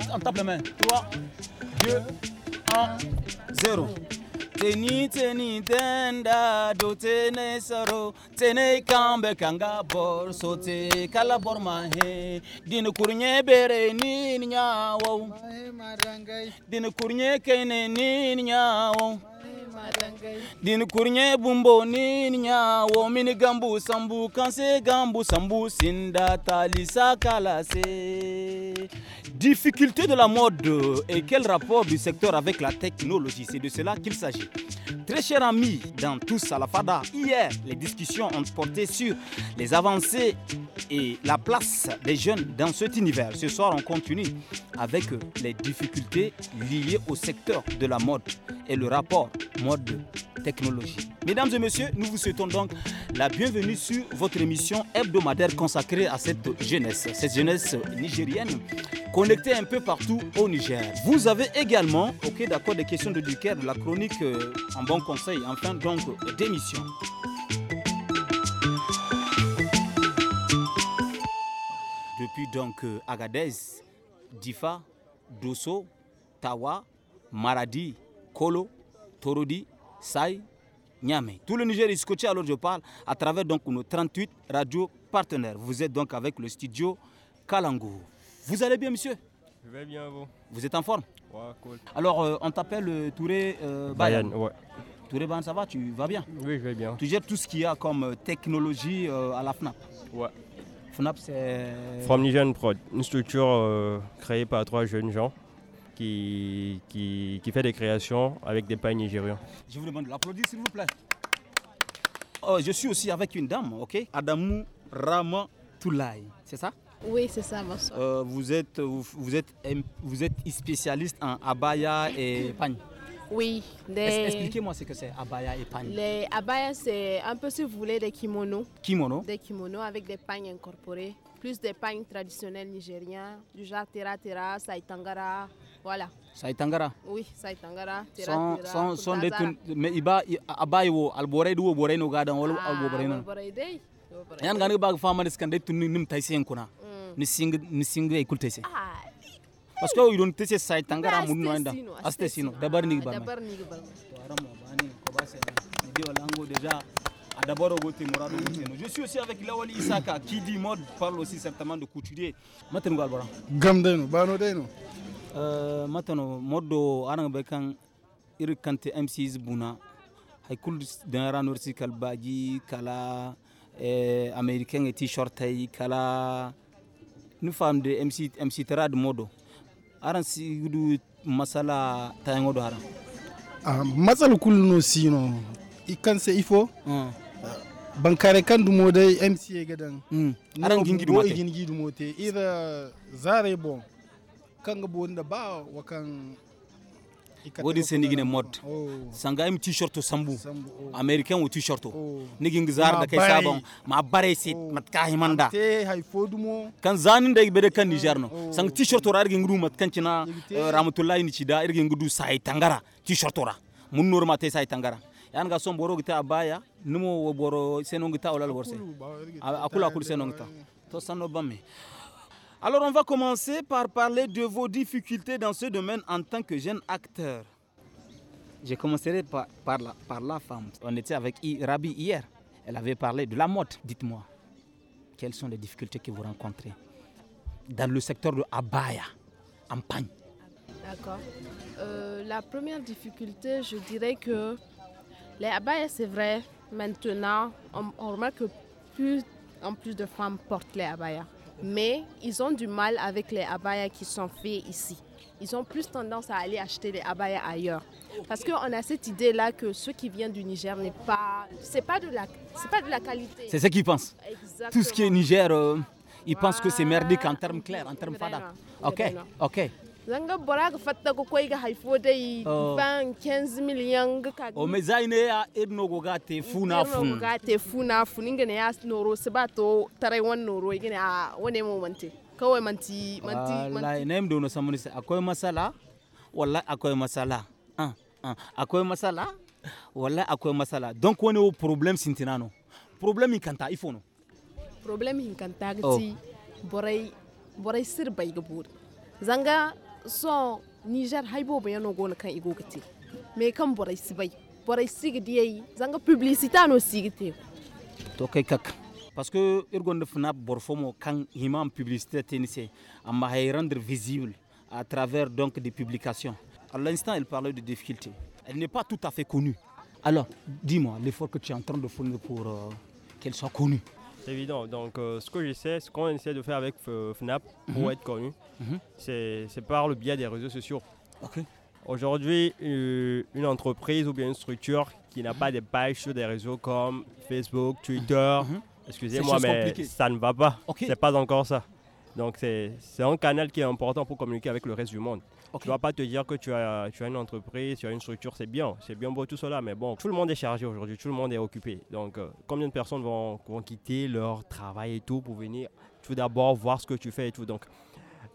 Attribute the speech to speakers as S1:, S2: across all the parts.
S1: 4 en table main. 3, 2, 1, 0. Teni teni tenda do tene saro tene kambe kanga bor sote kala bor mahe din kurnye bere ni nyawo din kurnye kene ni nyawo bumbo sambu sambu sinda difficulté de la mode et quel rapport du secteur avec la technologie c'est de cela qu'il s'agit Très chers amis, dans tous à la FADA, hier, les discussions ont porté sur les avancées et la place des jeunes dans cet univers. Ce soir, on continue avec les difficultés liées au secteur de la mode et le rapport mode-technologie. Mesdames et messieurs, nous vous souhaitons donc la bienvenue sur votre émission hebdomadaire consacrée à cette jeunesse, cette jeunesse nigérienne connectée un peu partout au Niger. Vous avez également, ok d'accord, des questions de Ducaire, de la chronique euh, en bon conseil, enfin fin donc d'émission. donc euh, Agadez, Difa, Dosso, Tawa, Maradi, Kolo, Torodi, Sai, Niamey. Tout le Niger est scotché, alors je parle à travers donc nos 38 radios partenaires. Vous êtes donc avec le studio Kalangou. Vous allez bien, monsieur
S2: Je vais bien, vous.
S1: Vous êtes en forme Ouais, cool. Alors, euh, on t'appelle euh, Touré Bayan. Touré Bayan, ça va Tu vas bien Oui, je vais bien. Tu gères tout ce qu'il y a comme technologie à la FNAP Ouais. FNAP, c'est. From
S2: Niger Prod, une structure euh, créée par trois jeunes gens qui, qui, fait des créations avec des pains nigériens.
S1: Je vous demande de l'applaudir, s'il vous plaît. Oh, je suis aussi avec une dame, ok Adamou Rama Toulaye, c'est ça oui, c'est ça, euh, vous, êtes, êtes, vous êtes spécialiste en abaya et pagne
S3: oui. Expliquez-moi
S1: ce que c'est abaya et pagne. Les
S3: abaya, c'est un peu, si vous voulez, des kimonos. Kimono Des kimonos avec des pagnes incorporées. Plus des pagnes traditionnels nigériens, du genre tera tera, saitangara, voilà. Saitangara Oui, saitangara, tera Mais tera. Son, son des
S1: mais iba abaya wo alborey du alborey no gadan wal le na. Ah,
S3: alborey dey.
S1: bag fama des kan dey tunni nim taysen kuna. Mm. Ni sing ni sing écoutez. parce que idon tese sai tangara mun no enda aste sino dabar ni bar dabar ni bar waramo bani ko ba ni di wala ngo deja à d'abord Ogote Morado Je suis aussi avec Lawali Isaka qui dit mode parle aussi certainement de couturier. Maintenant Galbara. Gamdeno bano deno. Euh maintenant modo arang bekan ir kante M6 buna hay kul dara nor si kalbaji kala eh américain et t-shirt kala nous femme de MC MC Terad modo aran si gudu masala tayango do aran
S4: ah masal kulno sino se ifo mm. bankare kan dumo dai mca gadan mm.
S1: aran gingidu mote
S4: gingidu mote ira zare bon kan gabo da ba wakan
S1: wodi se nigine mod oh. sangayim t-shirt sambu oh. americain wo t-shirt oh. nigin gizar da kai sabon ma bare se mat ka himanda kan zanin da bede kan niger no sang t-shirt ra irgin gudu mat kan cina eh, ramatullahi ni cida irgin gudu sai tangara t-shirt ra mun norma te sai tangara yan ga son boro gita abaya numo wo boro senongita olal borse akula akul senongita to sanno bamme Alors on va commencer par parler de vos difficultés dans ce domaine en tant que jeune acteur. Je commencerai par, la, par la, femme. On était avec Rabi hier. Elle avait parlé de la mode. Dites-moi, quelles sont les difficultés que vous rencontrez dans le secteur de Abaya, en Pagne
S3: D'accord. Euh, la première difficulté, je dirais que les Abaya, c'est vrai, maintenant, on, remarque que plus en plus de femmes portent les abayas mais ils ont du mal avec les abayas qui sont faits ici. Ils ont plus tendance à aller acheter les abayas ailleurs. Parce qu'on a cette idée-là que ce qui vient du Niger n'est pas. C'est pas, de la, pas de la qualité.
S1: C'est ce qu'ils pensent. Tout ce qui est Niger, euh, ils pensent que c'est merdique en termes clairs, en termes fada. Ok, ok.
S3: zanga bora ga fatta ko koy ga haifo dai oh. ban kenz miliyan ga ka o oh, me
S1: zaine ya irno go ga te funa fun ga
S3: te funa fun inga ne ya noro se ba to tarai wan noro igine a wane mo mante kawai manti manti wallahi
S1: nem do no samuni se akwai masala wallahi akwai masala ah ah akwai masala wallahi akwai masala donc wani wo problem sintinano problem hinkanta ifono
S3: problem hinkanta ga ti oh. borai borai sir ga buri zanga son Niger haibo ba no gona kan igo me kan zanga
S1: to parce que irgonde fna borfomo kan publicité tenise amma hay rendre visible à travers donc des publications à l'instant elle parlait de difficultés elle n'est pas tout à fait connue alors dis-moi l'effort que tu es en train de fournir pour euh, qu'elle
S2: soit connue c'est évident. Donc, euh, ce que j'essaie, ce qu'on essaie de faire avec euh, FNAP pour mhm. être connu, mhm. c'est par le biais des réseaux sociaux. Aujourd'hui, euh, une entreprise ou bien une structure qui n'a pas des pages sur des réseaux comme Facebook, Twitter, mhm. excusez-moi, mais ça ne va pas. Ce C'est pas encore ça. Donc, c'est un canal qui est important pour communiquer avec le reste du monde. Tu ne dois pas te dire que tu as, une entreprise, tu as une structure, c'est bien, c'est bien beau tout cela, mais bon, tout le monde est chargé aujourd'hui, tout le monde est occupé. Donc, euh, combien de personnes vont, vont, quitter leur travail et tout pour venir tout d'abord voir ce que tu fais et tout. Donc,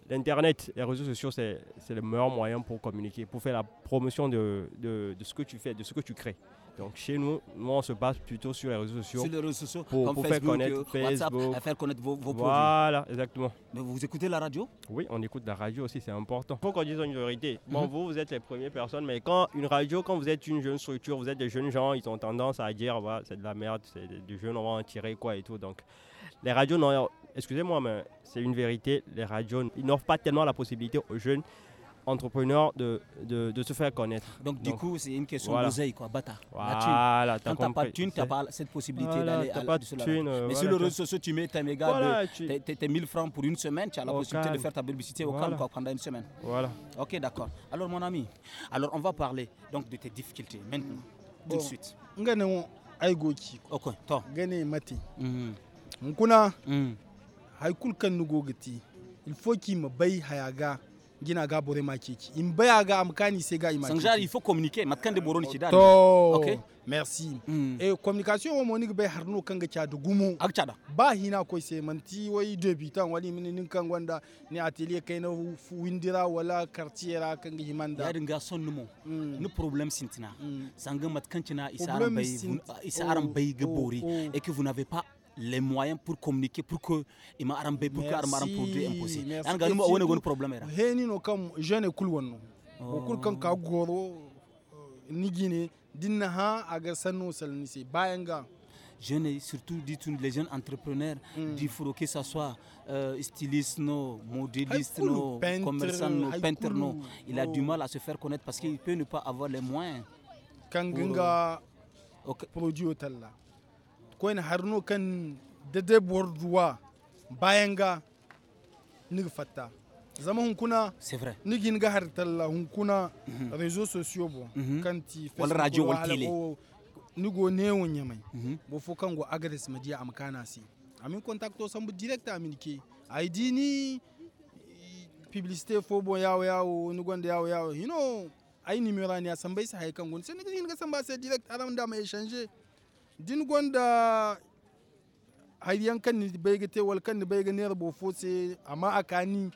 S2: l'Internet, les réseaux sociaux, c'est le meilleur moyen pour communiquer, pour faire la promotion de, de ce que tu fais, de ce que tu crées. Donc chez nous, on se base plutôt sur les réseaux sociaux. réseaux sociaux pour, euh, faire connaître Facebook. WhatsApp, faire connaître vos, produits. Voilà, exactement. Mais vous écoutez la radio Oui, on écoute la radio aussi, c'est important. Faut qu'on dise une vérité. Bon, mhm. vous, vous êtes les premières personnes, mais quand une radio, quand vous êtes une jeune structure, vous êtes des jeunes gens, ils ont tendance à dire, voilà, c'est de la merde, c'est du jeune, on va en tirer quoi et tout. Donc les radios, excusez-moi, mais c'est une vérité. Les radios, ils n'offrent pas tellement la possibilité aux jeunes entrepreneur de, de, de, se faire connaître. Donc, du coup, c'est une question voilà. d'oseille, quoi, bata. Voilà, Quand tu n'as pas de thune, tu n'as pas cette possibilité voilà, d'aller à pas de Mais si sur le réseau social, tu mets tes méga tu...
S1: tes 1000 francs pour une semaine, tu as la possibilité de faire ta publicité au calme pendant une semaine. Voilà. Ok, d'accord. Alors, mon ami, alors on va parler donc de tes difficultés maintenant, tout de suite.
S4: Ok, toi. mati. Mkuna, hmm. haikul hmm. kan nugogati. Il faut qu'il me baye hayaga gina ga bore ma kiki in baya ga amkani sai ga ima sanjar
S1: il faut communiquer matkan de eh, boroni ci dal okay
S4: merci mm. e communication wo monig be harno kanga cha du gumu ak cha ba hina ko sai manti wai debutant wali min nin kan wanda ni atelier
S1: kai na windira wala quartier quartiera kanga himanda ya dinga son mo mm. ni problème sintina hmm. sanga matkan cina isaran bay isaran bay oh, ga bori oh, oh. et que vous n'avez pas les moyens pour communiquer pour que il aran bai pour que aran pour produit imposé an ga numa wani goni problème era
S4: heni no kam jeune kul wonno o kul kan ka goro
S1: nigine dinna ha aga sanno salni se bayan ga jeunes surtout dit les jeunes entrepreneurs mm. du furo que ça soit euh, styliste no modéliste no commerçant no peintre no il a du oh. mal à se faire connaître parce qu'il peut ne pas avoir les moyens kanginga pour... Euh, okay. produit hôtel là koyne harno
S4: kan dede borduwa bayan ga nig fatta zama hunkuna nigin ga har talla hunkuna mhm. réseaux sociaux bo mhm. kan ti wala radio wal télé nigo newon yamai mhm. bo fo kan go agres maji am kana si amin contacto sambu direct amin ke id ni publicité fo bo yawo yawo ni gonda yawo yawo you know ai numéro ni asambai sai kan gon sai nigin ga samba sai direct adam da mai changer din gonda hayyan kan ni bayga te wal kan ni bayga ner bo fo se amma akani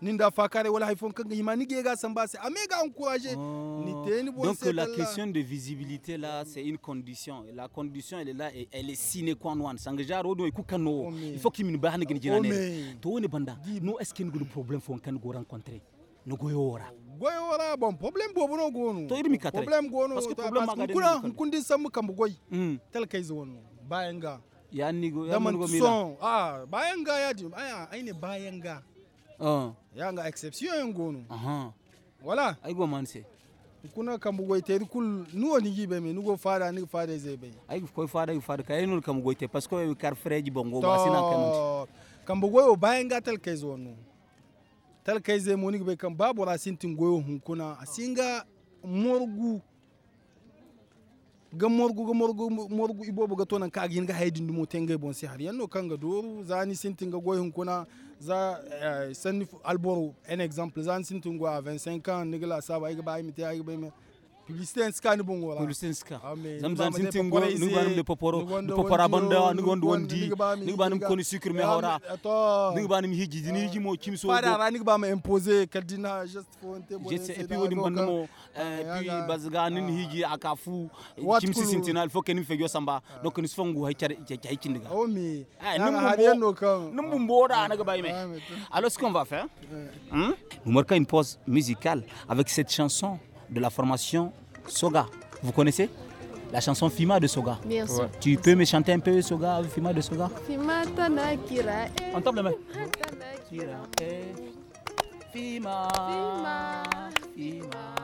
S4: nin da fa kare wala haifon kan hima ni ga san ba se ame ga encourager oh. ni te ni bon Donc la question
S1: de visibilité là c'est une condition la condition elle est là et elle est sine qua non sanga jaro do ku kano il faut kimin ba hanigin jinane to woni banda no est-ce qu'il y a problème fon kan go rencontrer no go yora goyo wala bon problem bo bono gono to irmi katre problem
S4: gono parce que problème ma kuna kundi samu kam goy mm. tal kai zo wono bayan ga ya
S1: ni go ya go mira
S4: ah bayan ga ya di aya aine bayan ga ah ya ga exception gono aha wala ai go man se kuna kambu te kul nu ni gibe me go fada ni fada zai bai
S1: ai ko fada ko fada kai nul goy goyte parce que kar freji bongo ba sina kambu
S4: kambu goyo o ga tal kai zo talkai zai moni bai kan babu rasintin goyo hunkuna a singa morgu ga morgu ga morgu morgu ibo buga to nan ka gin ga haidin dumo tenga bon si har yanno kan ga doru zani sintin ga goyin kuna za eh, sanni alboro an example zani sintin go a 25 ans nigla saba ai ga bai mita ai ga bai listenska ni bongo wala listenska
S1: zam zam sin tingo ni banum de poporo de popora banda ni gondu wondi ni banum koni sucre me hora ni banum hiji ni hiji mo kimso para ra ni banum
S4: imposer kadina just fonte bon jet et puis wodi bandumo
S1: eh, puis bazga ni ah. hiji akafu kimsi sintinal fo kenim fejo samba donc ah. ni sfongu hay char hay kindiga o mi eh, ni mbu mbora ah. na gabay me alors ce qu'on va faire eh. hmm nous marquons une pause musicale avec cette chanson de la formation Soga. Vous connaissez la chanson Fima de Soga. Bien sûr. Tu peux me chanter un peu Soga, Fima de Soga
S3: Fima Tanakira.
S1: On tape la main. Tanakira. Fima. Fima. Fima.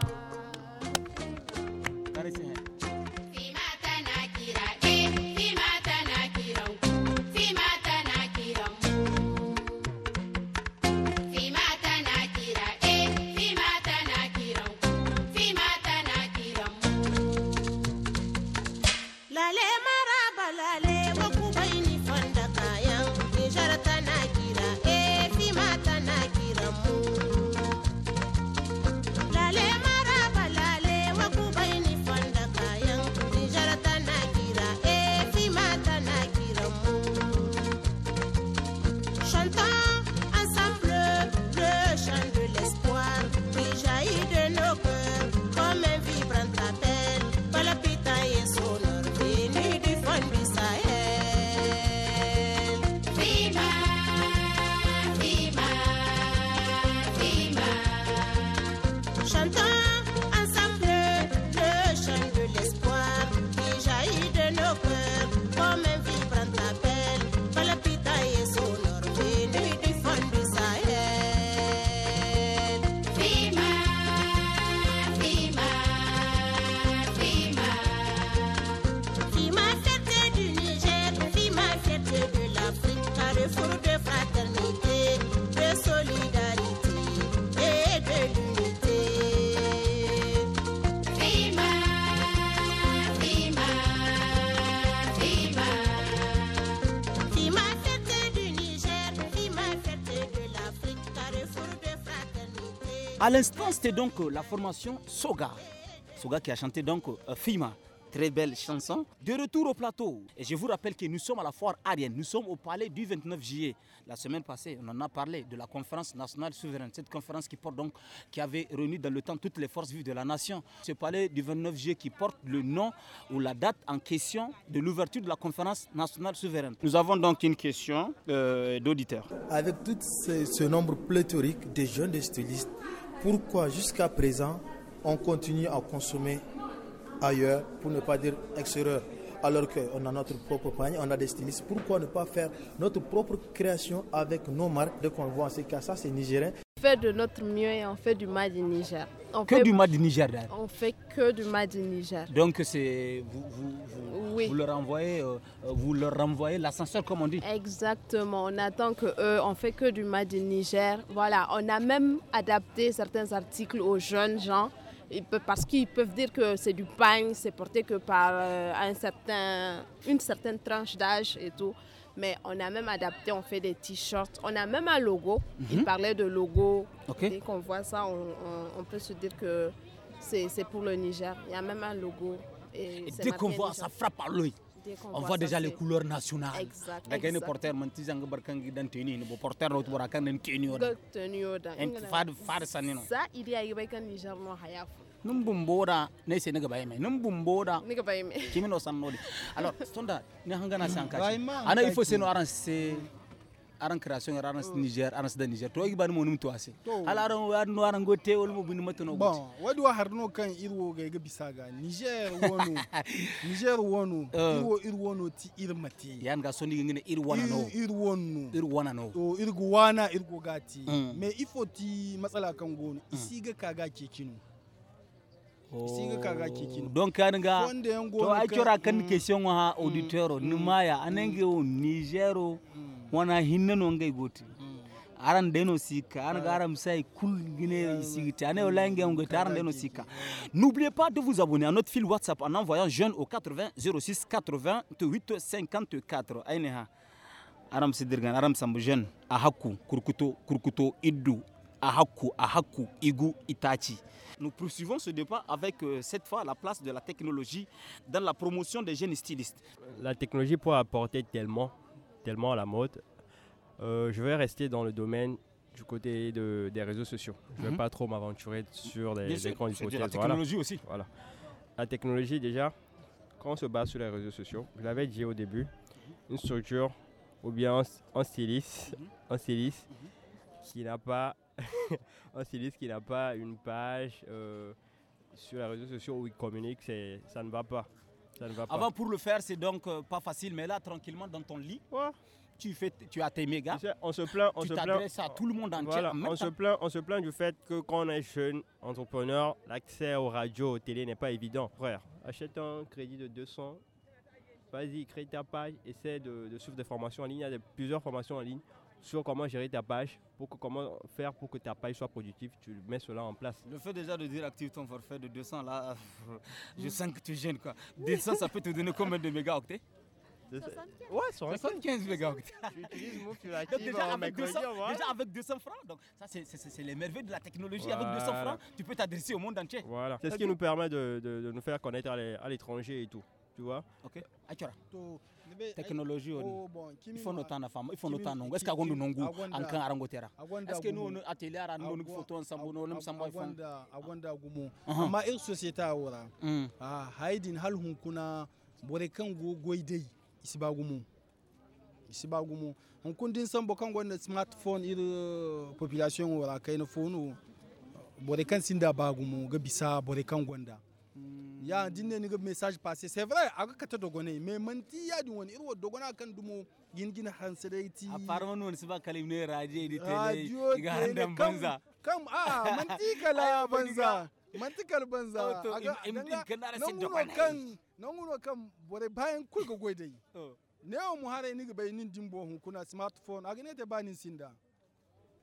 S1: c'était donc euh, la formation Soga. Soga qui a chanté donc euh, Fima. Très belle chanson. De retour au plateau. Et je vous rappelle que nous sommes à la foire Arienne. Nous sommes au palais du 29 juillet. La semaine passée, on en a parlé de la conférence nationale souveraine. Cette conférence qui porte donc, qui avait réuni dans le temps toutes les forces vives de la nation. Ce palais du 29 juillet qui porte le nom ou la date en question de l'ouverture de la conférence nationale souveraine. Nous avons donc une question euh, d'auditeur.
S4: Avec tout ce, nombre pléthorique de jeunes de stylistes, pourquoi jusqu'à présent on continue à consommer ailleurs, pour ne pas dire extérieur, alors qu'on a notre propre panier, on a des stylistes. Pourquoi ne pas faire notre propre création avec nos marques de qu'on en ces cas, ça c'est nigérien,
S3: fait de notre mieux et on fait du mal du Niger. On que fait, du mal du Niger On fait que du mal du Niger.
S1: Donc c'est vous, vous, vous, vous, leur euh, vous renvoyez l'ascenseur comme on dit
S3: Exactement, on attend que eux, on fait que du mal du Niger. Voilà, on a même adapté certains articles aux jeunes gens. parce qu'ils peuvent dire que c'est du pain, c'est porté que par euh, un certain, une certaine tranche d'âge et tout mais on a même adapté, on fait des t-shirts, on a même un logo. Il mhm. parlait de logo. Dès qu'on voit ça, on, peut se dire que c'est pour le Niger. Il y a même un logo. Et, dès qu'on voit, ça frappe à lui On, voit, déjà les
S1: couleurs nationales. Exact. Il boda ne se nega bayme nimbumboda nega bayme kimi no san nodi alors sonda ne hangana sanka ana il faut se no aran se aran création aran oh. niger aran da niger to igi bani monum to ase ala aran war no aran gote te wol mo bin mato gote. bon
S4: wadi wa n'o kan irwo ga bisaga bisa niger wono niger wono oh. irwo irwono ti irmati
S1: yan ga soni
S4: ngine irwana no irwono irwana no to irgu wana irgu gati mm. me ifoti ti matsala kan gono mm. isiga kaga kekinu oh. singa kaga kikino
S1: oh, donc kan ga to a kyora kan mm. question wa mm. auditeur mm. numaya anenge mm. o nigero mm. wana hinne no ngai goti aran deno sika an garam ah. sai kul gine sigita ane olange on aran deno sika n'oubliez pas de vous abonner à notre fil WhatsApp en envoyant jeune au 80 06 88 54 aineha aram sidirgan aram sambu jeune ahaku kurkuto kurkuto iddu Ahaku, Ahaku, Igu, Itachi. Nous poursuivons ce débat avec euh, cette fois la place de la technologie dans la
S2: promotion des jeunes stylistes. La technologie peut apporter tellement, tellement à la mode. Euh, je vais rester dans le domaine du côté des réseaux sociaux. Je ne vais mhm. pas trop m'aventurer sur les, écrans du hypothèses. La technologie aussi. Voilà. La technologie déjà, quand on se base sur les réseaux sociaux, je l'avais dit au début, une structure ou bien un styliste, mhm. styliste mhm. qui n'a pas on dit qu'il n'a pas une page euh, sur les réseaux sociaux où il communique, ça ne va pas. Avant, pour
S1: le faire, c'est donc euh, pas facile, mais là, tranquillement, dans ton lit. Tu, fais, tu as tes méga. Tu on se plaint, t'adresses à tout le monde entier. on, se plaint,
S2: on se plaint du fait que quand on est jeune entrepreneur, l'accès aux radios, aux télé n'est pas évident. Frère, achète un crédit de 200, vas-y, crée ta page, essaie de, suivre des formations en ligne. Il y a plusieurs formations en ligne sur comment gérer ta page, pour comment faire pour que ta page soit productive, tu mets cela en place. Le fait déjà de dire active ton forfait de 200, là, je
S1: sens que tu gênes quoi. 200, ça peut te donner combien de mégaoctets 75. Ouais, 75 mégaoctets. Tu utilises Move, déjà, avec 200, déjà avec 200 francs. Donc, ça, c'est les merveilles de la technologie. Avec 200 francs, tu peux t'adresser au monde entier. Voilà. C'est ce qui nous
S2: permet de, de, nous faire connaître à l'étranger et tout. Tu vois Ok.
S1: Achora. Eh, technologie oh, o ah. il faut no tana fama il faut no tana ngu est ce que agondo nongu ankan arangotera est ce que no atelier ara no ngi photo on sambu no lam sambu fam agonda gumu amma ir société awra mm.
S4: ah haidin hal hun kuna bore kan go goidei isiba gumu isiba kundin sambo kan gonda smartphone ir euh, population wora kai no fonu bore kan sinda bagumu ga bisa bore kan gonda mm. ya dinne ni message passé c'est vrai aga kata dogone mais ti ya din woni irwo dogona kan dumo
S1: gingina ti a parman woni siba kalim ne radio ni tele ga handan banza
S4: kam a ti kala banza man ti kal banza aga nan wuno kan nan wuno kan bore bayan kulga goidai oh. ne mu hare ni ga bai din bo hun kuna smartphone aga ne ta banin sinda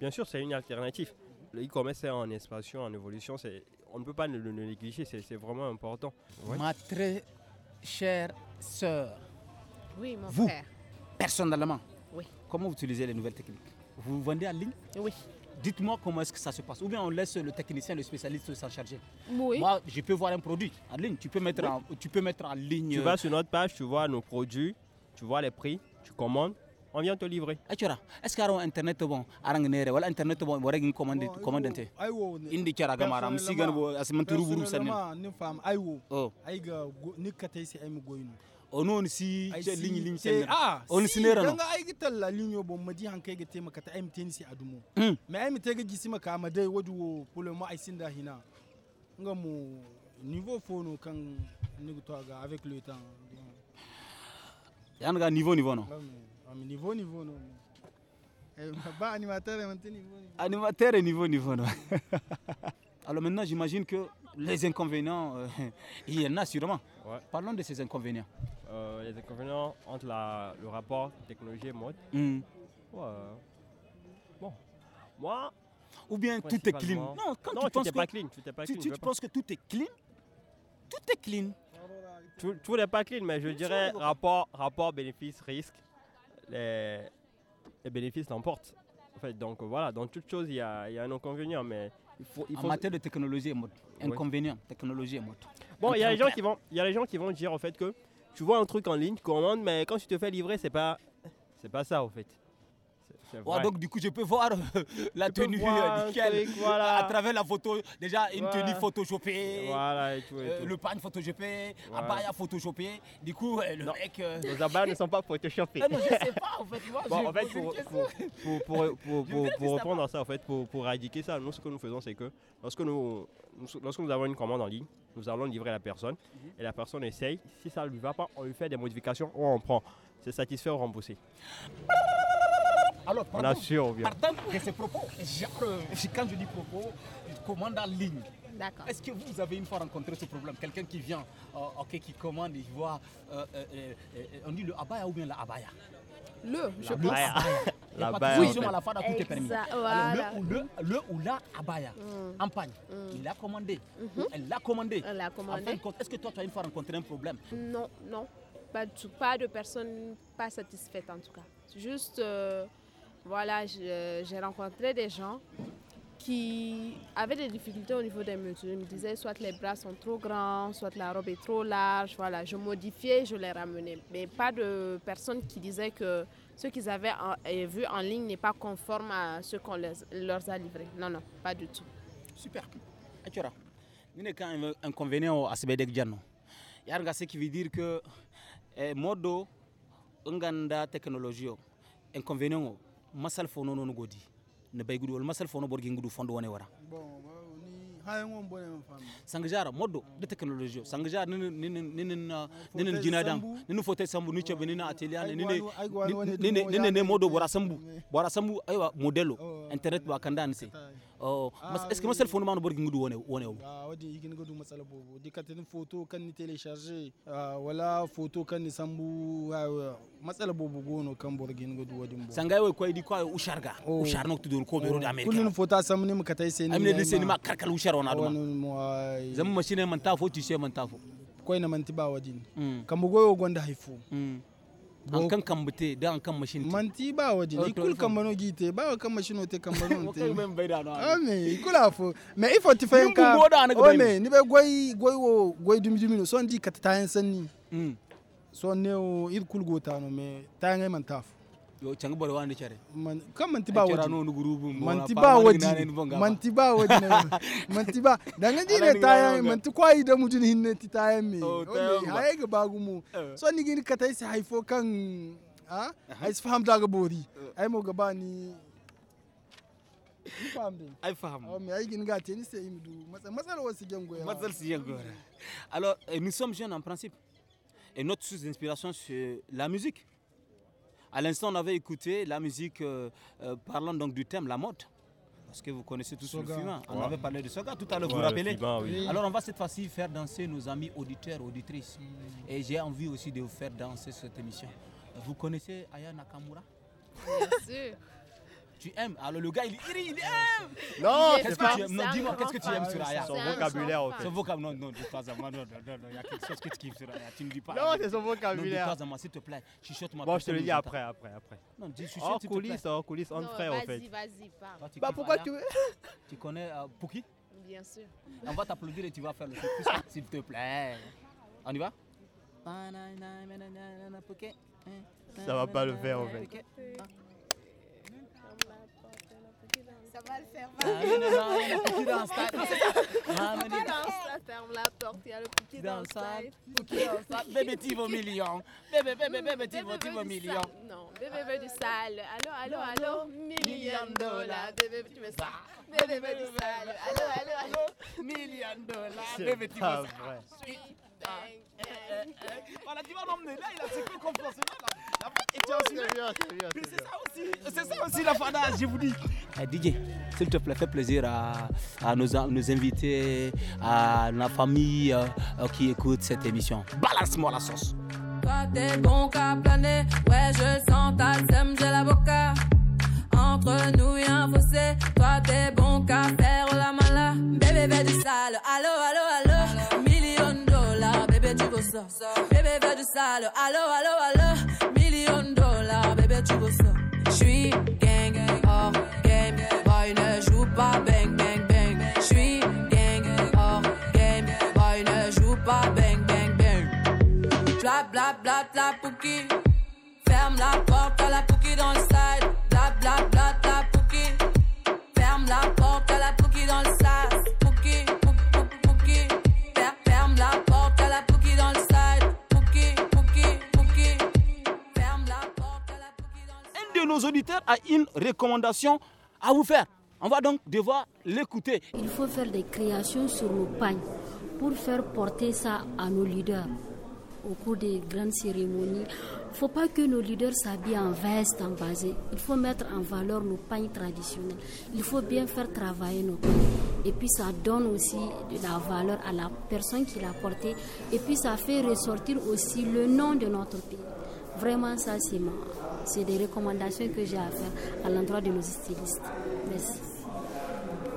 S2: Bien sûr, c'est une alternative. Le e-commerce est en expansion, en évolution, on ne peut pas le, négliger, c'est vraiment important. Ma
S1: très chère sœur, oui, mon frère. personnellement, comment vous utilisez les nouvelles techniques Vous vendez en ligne Oui. Dites-moi comment est-ce que ça se passe. Ou bien on laisse le
S2: technicien, le spécialiste s'en charger. Moi, je peux voir un produit en ligne. Tu peux mettre, tu peux mettre en ligne. Tu vas euh, sur notre page, tu vois nos produits, tu vois les prix, tu commandes, on vient te livrer
S1: acora est ce que aro internet bon arang nere wala internet bon bore gin commande commande te aiwo indi cara gamara musigan bo asman turu buru sanin
S4: ni fam aiwo ah, ai ga ni katai sai ai mu On non si c'est ligne ligne sen ah on si nera no nga ay gital la ligne bo madi han kay gete maka ta aimten si adumo hmm. me aimte ga gisi maka amadai wadu pour le mo ay sinda hina nga mu niveau phone kan ni to ga avec le temps
S1: yanga niveau niveau non.
S4: Ah, niveau niveau non eh, Pas animateur et niveau, niveau.
S1: Animateur et niveau niveau non alors maintenant j'imagine que les inconvénients euh, il y en a sûrement parlons
S2: de ces inconvénients euh, les inconvénients entre le rapport technologie et mode hmm. bon moi ou bien tout est clean non quand tu penses que tout est pas clean, tu, tu, penses que tout est clean tout est clean tout n'est pas clean mais je dirais rapport rapport bénéfice risque les, bénéfices l'emportent. En fait, donc voilà, dans toute chose, il y a, un inconvénient, mais il faut, il faut... En matière de
S1: technologie inconvénient,
S2: technologie mode. Bon, il y a les gens qui vont, y les gens qui vont dire en fait que tu vois un truc en ligne, tu commandes, mais quand tu te fais livrer, c'est pas, c'est pas ça en fait donc
S1: du coup, je peux voir euh,
S2: la tenue euh, à travers la
S1: photo. Déjà, une tenue photoshopée, euh, le pan photoshopé, abaya
S2: photoshopé. Du coup, le
S1: mec...
S2: ne sont pas photoshopés. Ah non, je sais
S1: pas, en fait. bon, en fait, pour,
S2: pour, pour, répondre à ça, en fait, pour éradiquer ça, nous, ce que nous faisons, c'est que lorsque nous, lorsque nous avons une commande en ligne, nous allons livrer à la personne mhm. et la personne essaye. Si ça ne lui va pas, on lui fait des modifications ou on prend. C'est satisfait ou remboursé. Alors, pardon, partant
S1: ces propos, euh, quand je dis propos, je commande en ligne. Est-ce que vous avez une fois rencontré ce problème Quelqu'un qui vient, euh, qui commande, il voit, euh, on dit le abaya ou bien la abaya Le, je la pense. Abaya. à la fin tout permis. le, le, ou la abaya, mm. en pagne, mm. il l'a commandé. Mm-hmm. Elle l'a commandé. Elle l'a commandé. Est-ce que toi, tu as une fois rencontré un problème Non,
S3: non. Pas, de personne pas satisfaite en tout cas. Juste voilà, j'ai rencontré des gens qui avaient des difficultés au niveau des mesures. Ils me disaient soit les bras sont trop grands, soit la robe est trop large. Voilà, je modifiais, je les ramenais. Mais pas de personnes qui disaient que ce qu'ils avaient vu en ligne n'est pas conforme à ce qu'on leur a livré. Non, non, pas du tout. Super.
S1: Il nous a un inconvénient à ce ce qui veut dire que eh, modo, ganda technologie, inconvénient. masal fono non godi ne bay gudu wal masal fono borgi ngudu fondo wone wara bon
S4: kayangon bone man fam
S1: sangjara moddo de technologie sangjara nin nin nin nin dam nin fote sambu ni chebe nin atelier nin
S4: nin nin nin modo bora
S1: sambu bora sambu aywa modelo oh, ah, internet ba kanda nse oh ah, mas est ce que masal fonu manu borgi ngudu wone wone wo
S4: ah, wadi igin ngudu masala bobo di katin photo kan ni télécharger wala photo kan ni sambu masala bobo gono kan borgi ngudu wadi mbo sangay
S1: way koy di koy usharga oh. usharno tudon ko oh. do d'amerique kullun
S4: photo samni makatai sen amne sen ma
S1: karkal ushar wana
S4: aduma
S1: zama mashine man tafo ti se man tafo
S4: koy na man tiba wadin mm. kambo goyo gonda haifu mm. an kan kambute
S1: da an kan mashin man ti
S4: ba waje ni kan oh, kambano gite ba wa kan mashino te kambano te men
S1: bai da no ame
S4: kula fo me ifo ti fayin ka o me ni be goy goy wo goy dum dum no son di katatayen sanni mm. son ne o id kul gota no me tayen man tafo
S1: yo can bar wani cari man kan manti ba wadi no gurubu manti ba wadi manti ba wadi
S4: manti ba dangan jire hinne ti tayan me oh, haye ga bagu mu eh. so ni gini ka tai sai haifo kan ha ai uh-huh. faham daga bodi eh. ai mo gaba ni ai faham oh mais ai gini ga teni sai imdu matsal wasu gengo matsal si gengo
S1: alors eh, nous sommes jeunes en principe et notre source d'inspiration c'est la musique à l'instant, on avait écouté la musique euh, euh, parlant donc du thème, la mode. Parce que vous connaissez tous le film. On avait parlé de Soga tout à l'heure, vous vous rappelez Alors on va cette fois-ci faire danser nos amis auditeurs, auditrices. Mm. Et j'ai envie aussi de vous faire danser cette émission. Vous connaissez Aya Nakamura Bien sûr tu aimes. Alors le gars, il,
S3: il, il aime. Non, c'est pas. Tu Non, dis-moi, qu'est-ce
S1: que tu aimes, sur Aya Son vocabulaire, en fait. Son vocabulaire, non, non, pas à moi. Non, non, il y a quelque chose que tu kiffes, Aya Tu me dis pas. Non, c'est son vocabulaire. Non, pas à moi, s'il te plaît. chuchote ma Bon, je te le dis après, après, après. Non, dis chuchote. hors coulisses, en coulisses, en en fait. Vas-y,
S3: vas-y, pas. Bah, pourquoi tu
S1: Tu connais euh, Pouki
S3: Bien sûr.
S5: On va
S1: t'applaudir et tu vas faire le truc, s'il te plaît. On y va
S5: Ça va pas le faire, en fait.
S1: Ça va le faire. Ah, dans le dans ah, le
S3: il y a le cookie dans le dans
S1: le Bébé million. Bébé, bébé, bébé million.
S3: Non, bébé veut du sale. Allo, allo, allo. Million dollars. Bébé, tu veux du sale. Bah. Allô, allô,
S1: allô. Million dollars. Bébé Voilà, tu vas ah. l'emmener là, il a peu c'est ça aussi la fada, je vous dis. Hey, eh, DJ, s'il te plaît, fais plaisir à, à nos, nos, invités, à la famille euh, euh, qui écoute cette émission. Balance-moi la sauce.
S3: Toi, t'es bon qu'à planer. Ouais, je sens ta sème, j'ai l'avocat. Entre nous, y'a un fossé. Toi, t'es bon qu'à faire la mala. Bébé, bébé du sale. Allo, allo, allo. Million de dollars, bébé, tu veux ça. Bébé, fais du sale. Allo, allo. pouki. Ferme la porte à la pouki dans le sas. Bla bla bla la pouki. Ferme la porte à la pouki dans le sas. Pouki, pou, pou, pouki. Ferme la porte à la pouki dans le sas. Pouki, pouki,
S1: pouki. Ferme la porte à la pouki dans le sas. Un de nos auditeurs a une recommandation à vous faire. On va donc devoir l'écouter. Il faut faire
S5: des créations sur nos pagnes pour faire porter ça à nos leaders au cours des grandes cérémonies. Il ne faut pas que nos leaders s'habillent en veste, en basé. Il faut mettre en valeur nos pagnes traditionnels. Il faut bien faire travailler nos pagnes. Et puis ça donne aussi de la valeur à la personne qui l'a porté. Et puis ça fait ressortir aussi le nom de notre pays. Vraiment, ça, c'est des recommandations que j'ai à faire à l'endroit de nos stylistes. Merci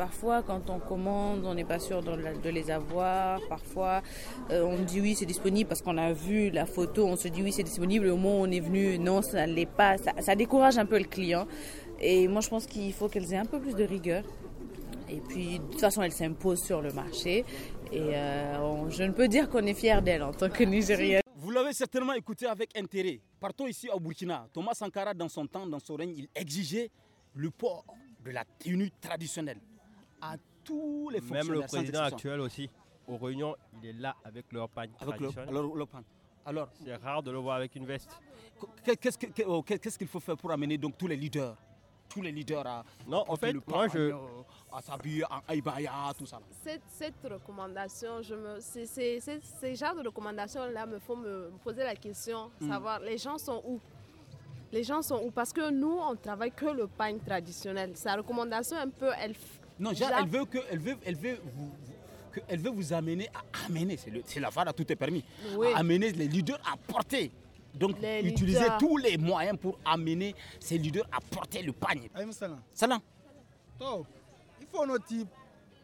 S3: parfois, quand on commande, on n'est pas sûr de, les avoir. Parfois, euh, on dit oui, c'est disponible parce qu'on a vu la photo, on se dit oui, c'est disponible. Au moment où on est venu, non, ça ne l'est pas. Ça, décourage un peu le client. Et moi, je pense qu'il faut qu'elles aient un peu plus de rigueur. Et puis, de toute façon, elles s'imposent sur le marché. Et euh, je ne peux dire qu'on est fier d'elles en tant que Nigérienne.
S1: Vous l'avez certainement écouté avec intérêt. Partons ici au Burkina. Thomas Sankara, dans son temps, dans son règne, il exigeait le port de la tenue traditionnelle tous les fonctionnaires. Même le président actuel
S2: aussi, aux réunions, il est là avec leur panne. alors, c'est rare de le voir avec une veste. Oh, qu'est-ce qu'il faut faire pour amener donc tous les
S1: leaders tous les leaders à, non, en fait, le moi je... Euh, à, à tout ça.
S3: Cette, recommandation, je me, ces genres de recommandations-là me font me, poser la question, hmm. savoir les gens sont où Les gens sont où Parce que nous, on travaille que le pain traditionnel. Sa recommandation, un peu, elle,
S1: non, genre, elle veut que, elle veut, elle veut vous, que elle veut vous amener à amener, c'est la à tout est permis, oui. à amener les leaders à porter. Donc, les utiliser leaders. tous les moyens pour amener ces leaders à porter le panier. Salam. Salam. Il faut notre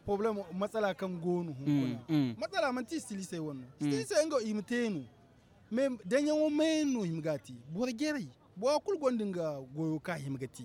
S4: problème, matsala kan gonu. Matsala man ti stili sai wannan. Stili sai ngo imtenu. Me danyen wo menu himgati. Borgeri. Bo kul gondinga goyo ka himgati.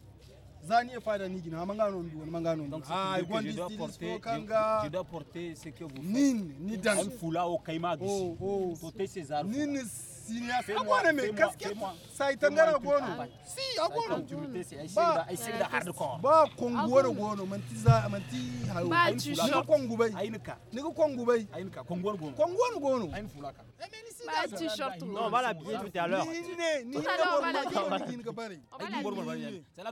S4: Zani fada ni gina do ndu ah porter
S1: kanga je dois porter ce que vous nin ni dan un foulard au kaima gisi oh, porter ces armes nin sinia agora me est en gono si agora tu me c'est essayer da hardcore
S4: ba gono mantiza manti hayo ba tu sho kongu bai ainka ni ko kongu bai ainka gono gono
S6: short non la bien tout à
S1: l'heure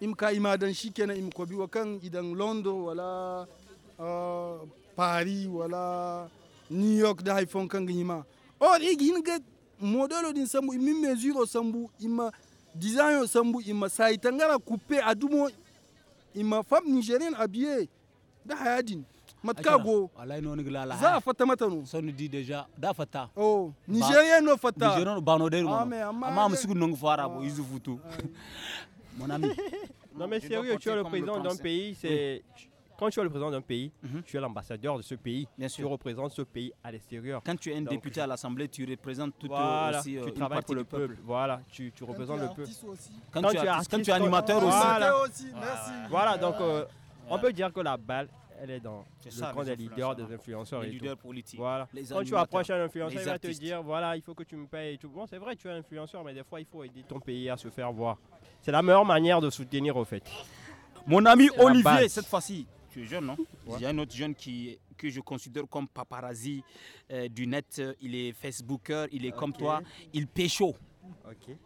S4: imka imadan ima dan shikenan im wa kan idan london wala uh, paris wala new york da haifon kan ma or igi hinga modelo din sambu imi mesure sambu ima design sambu ima saitangara coupe adumo ima fam nigerian habillé da hayadin matka wallahi
S1: no nigla la za fata mata no sonu di deja da fata oh nigerian no fata nigerian bano dairu ah, amma amma musugu nongu fara bo ah. izu futu ah. mon ami. non, mais sérieux, tu es le président d'un pays, c'est.
S2: Quand tu es le président d'un pays, tu es l'ambassadeur de ce pays. Tu représentes ce pays à l'extérieur. Quand tu es un député à l'Assemblée, tu représentes tout euh, aussi, tu euh, travailles pour le peuple. Voilà, tu, représentes le peuple. Quand, tu es animateur aussi. Voilà. Merci. voilà euh, donc on peut dire que la balle elle est dans le camp des leaders, des influenceurs les leaders politiques. Quand tu approches un influenceur, il va te dire voilà, il faut que tu me payes tout. Bon, c'est vrai, tu es influenceur, mais des fois, il faut aider ton pays à se faire voir. C'est la meilleure manière de soutenir au fait. Mon ami Olivier, cette
S1: fois-ci, tu es jeune, non
S2: Il y a un autre jeune qui, que je considère comme
S1: paparazzi euh, du net. Il est Facebooker, il est comme toi. Il pécho.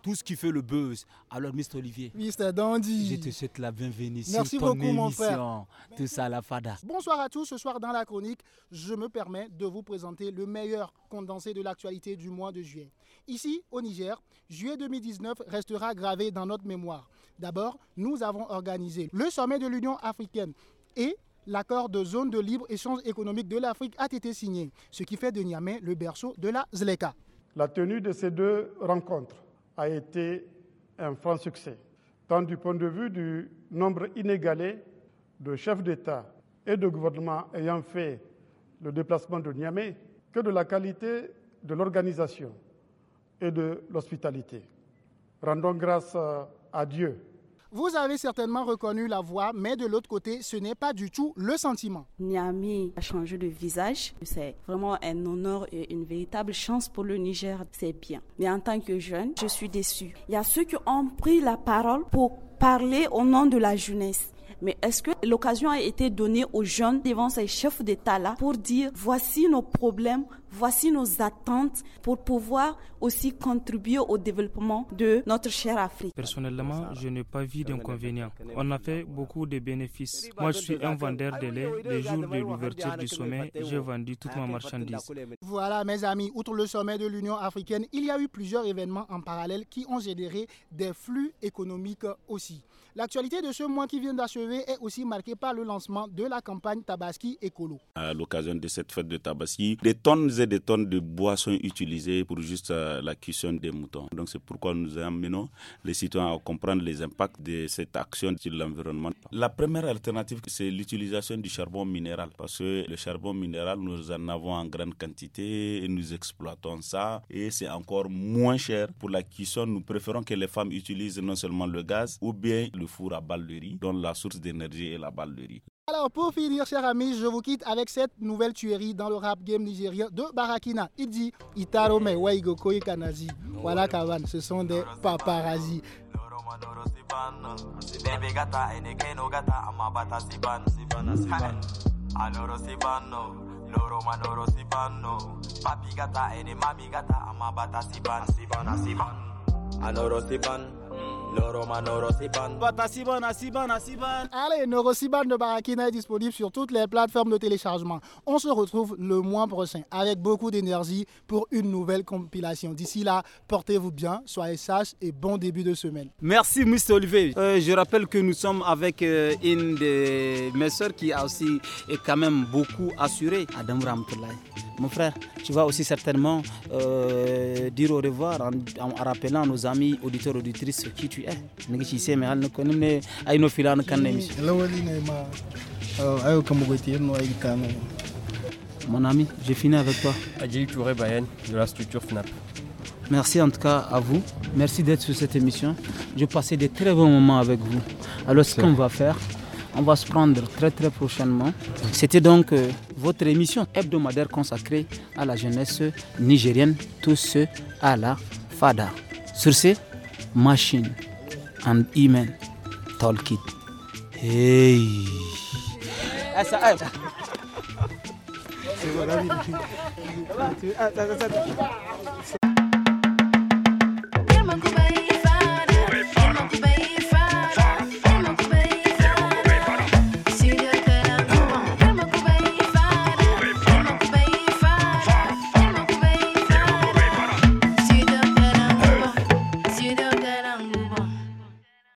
S1: Tout ce qui fait le buzz. Alors, Mr. Olivier. Mr. Dandy. Je te souhaite la bienvenue sur ton beaucoup, émission. Mon frère. la fada.
S6: Bonsoir à tous. Ce soir, dans la chronique, je me permets de vous présenter le meilleur condensé de l'actualité du mois de juillet. Ici, au Niger, juillet 2019 restera gravé dans notre mémoire. D'abord, nous avons organisé le sommet de l'Union africaine et l'accord de zone de libre-échange économique de l'Afrique a été signé, ce qui fait de Niamey le berceau de la ZLECA. La tenue de ces deux rencontres a été un franc succès, tant du point de vue du nombre inégalé de chefs d'État et de gouvernement ayant fait le déplacement de Niamey que de la qualité de l'organisation et de l'hospitalité. Rendons grâce à Dieu vous avez certainement reconnu la voix, mais de l'autre côté, ce n'est pas du tout le sentiment. Niami a changé de visage.
S3: C'est vraiment un honneur et une véritable chance pour le Niger. C'est bien. Mais en tant que jeune, je suis déçue. Il y a ceux qui ont pris la parole pour parler au nom de la jeunesse. Mais est-ce que l'occasion a été donnée aux jeunes devant ces chefs d'État-là pour dire voici nos problèmes, voici nos attentes pour pouvoir aussi contribuer au
S1: développement de notre chère Afrique Personnellement, je n'ai pas vu d'inconvénient. On a fait beaucoup de bénéfices. Moi, je suis un vendeur de lait. Les jours de
S6: l'ouverture du
S1: sommet, j'ai vendu
S4: toute ma marchandise.
S6: Voilà, mes amis, outre le sommet de l'Union africaine, il y a eu plusieurs événements en parallèle qui ont généré des flux économiques aussi. L'actualité de ce mois qui vient d'achever est aussi marquée par le lancement de la campagne Tabaski Écolo.
S1: À l'occasion de cette fête de Tabaski, des tonnes et des tonnes de bois sont utilisées pour juste euh, la cuisson des moutons. Donc c'est pourquoi nous amenons les citoyens à comprendre les impacts de cette action sur l'environnement. La première alternative, c'est l'utilisation du charbon minéral parce que le charbon minéral, nous en avons en grande quantité et nous exploitons ça et c'est encore moins cher pour la cuisson. Nous préférons que les femmes utilisent non seulement le gaz ou bien le four à balles dont la source d'énergie est la Ballerie.
S6: Alors pour finir, cher ami, je vous quitte avec cette nouvelle tuerie dans le rap game nigérien de Barakina. Il dit Itaro Itarome Waigoko Kanazi. Voilà Kavan, ce sont des paparazzi.
S2: loro ma
S1: loro si vanno papi gata e ne mami gata ama bata si ban. si van a si van a loro si van mm. Allez,
S6: Noro de Barakina est disponible sur toutes les plateformes de téléchargement. On se retrouve le mois prochain avec beaucoup d'énergie pour une nouvelle compilation. D'ici là, portez-vous bien, soyez sages et bon début de semaine.
S1: Merci, Mr. Olivier. Euh, je rappelle que nous sommes avec euh, une de mes soeurs qui a aussi est quand même beaucoup assuré, Adam Ramtoulaye. Mon frère, tu vas aussi certainement euh, dire au revoir en, en, rappelant nos amis auditeurs auditrices qui tu mon ami j'ai fini avec toi Touré de la structure FNAP Merci en tout cas à vous. Merci d'être sur cette émission. J'ai passé de très bons moments avec vous. Alors ce qu'on va faire, on va se prendre très très prochainement. C'était donc euh, votre émission hebdomadaire consacrée à la jeunesse nigérienne, tous ceux à la FADA. Sur ces machines. and Amen Tolkien. Hey. Essa